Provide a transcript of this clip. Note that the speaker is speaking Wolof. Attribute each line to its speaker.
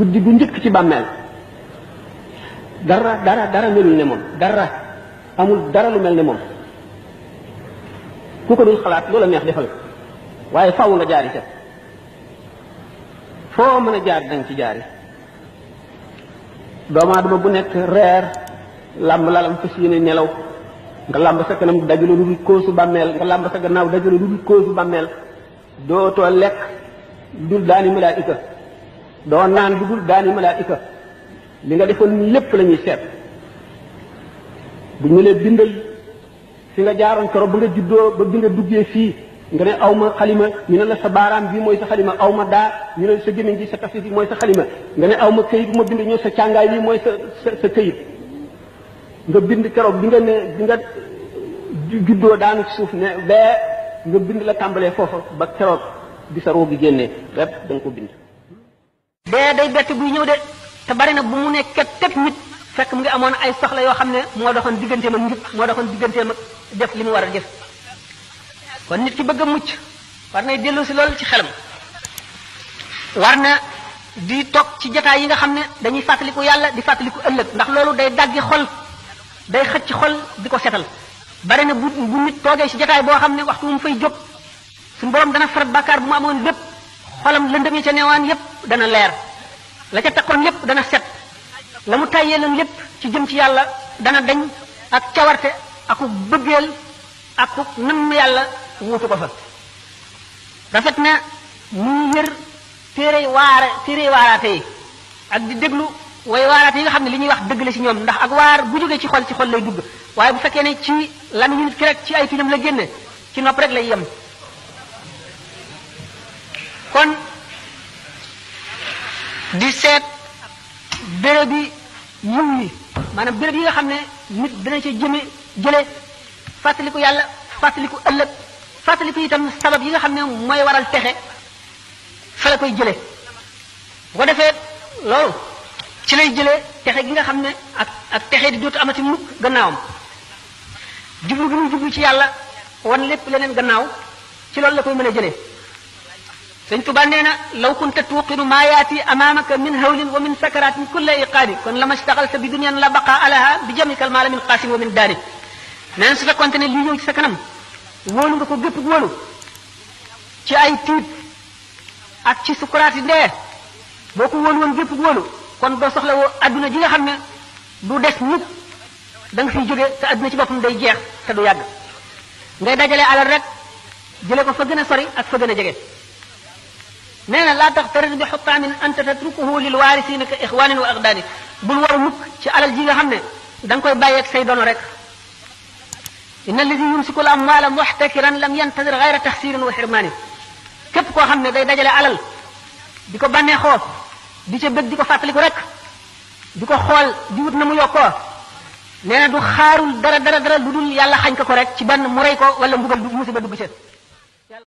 Speaker 1: guddi bu njëkk ci bàmmeel dara dara dara melul ne moom dara amul dara lu mel ne moom ku ko dul xalaat loola neex defal waaye faw nga jaari ca foo mën a jaar dang ci jaari doomu adama bu nekk reer lamb lalam fas yéene nelaw nga lamb sa kanam dajalo lu dul koosu bàmmeel nga lamb sa gannaaw dajalo lu dul bàmmeel dootoo lekk dul daani malaika doo naan lu dul daani malaayika li nga defoon lépp lañuy seet bu ñu lee bindal fi nga jaaroon koro ba nga juddoo ba bi nga duggee fii nga ne aw ma xalima ñu ne la sa baaraam bii mooy sa xalima aw ma daa ñu ne sa gémmiñ gi sa tafis yi mooy sa xalima nga ne aw ma këyit bu ma bind ñëw sa càngaay bi mooy sa sa sa këyit nga bind keroog bi nga ne bi nga juddoo daanu suuf ne bee nga bind la tàmbalee foofa ba keroog bi sa roo gi génnee lépp da ko bind
Speaker 2: dee day bett guy ñëw de te bari na bu mu ne képp képp nit fekk mu ngi amoon ay soxla yoo xam ne moo doxoon digganteem ak njub moo doxoon digganteem ak def li mu war a def kon nit ki bëgg a mucc war nay dellu si loolu ci xelam war na di toog ci jataay yi nga xam ne dañuy fàttaliku yàlla di fàttaliku ëllëg ndax loolu day daggi xol day xëcc xol di ko setal bari na bu bu nit toogee si jataay boo xam ne waxtu mu fay jóg suñu borom dana farat bàkkaar bu mu amoon lépp xolam lëndëm yi ca newaan yépp dana leer la ca takkoon lépp dana set la mu tàyyeeloon lépp ci jëm ci yàlla dana dañ ak cawarte aku bëggeel aku nam yàlla wuutu ko fa rafet na muy yër téere waara téere waaraate yi ak di déglu way waaraate yi nga xam ne li ñuy wax dëgg la ci ñoom ndax ak waar bu jógee ci xol ci xol lay dugg waaye bu fekkee ne ci lamiñu nit ki rek ci ay tuñam la génne ci nopp rek lay yem kon di seet béréb yi yiw yi maanaam béréb yi nga xam ne nit dana ca jëme jële fàttaliku yàlla fàttaliku ëllëg fàttaliku itam sabab yi nga xam ne mooy waral texe fa koy jële bu ko defee loolu ci lay jële texe gi nga xam ne ak texe di dootu amati mukk gannaawam jublu gi muy jublu ci yàlla wan lépp leneen gannaaw ci loolu la koy mën a jëlee sëñ Tuba nee na law kunta tuuqinu maa yaati amaamaka min hawlin wa min sakaraatin kulla iqaabi kon la ma staxalta bi dunyan la baqa alaha bi jamikal maala min xaasin wa min daani nee na su fekkonte ne li ñëw ci sa kanam wóolu nga ko gépp wóolu ci ay tiit ak ci sukuraat yi ndee boo ko wóolu woon gépp wóolu kon doo soxla woo adduna ji nga xam ne du des nit da nga fiy jóge te adduna ci boppam day jeex te du yàgg ngay dajale alal rek jële ko fa gën a ak fa gën a jege نانا لا تغترز بحطام انت تتركه للوارثين كاخوان واخدان بل وار موك سي علال جيغا خامني دانكوي بايك سي دونو رك ان الذي يمسك الاموال محتكرا لم ينتظر غير تخسير وحرمان كيب كو خامني داي داجالي علال ديكو باني خوف دي سي بك ديكو فاتليكو رك ديكو خول دي ووت نامو يوكو نانا دو خارول دارا دارا دارا لودول يالا خاج كو رك سي بن مو ري كو ولا مبال مصيبه دوجي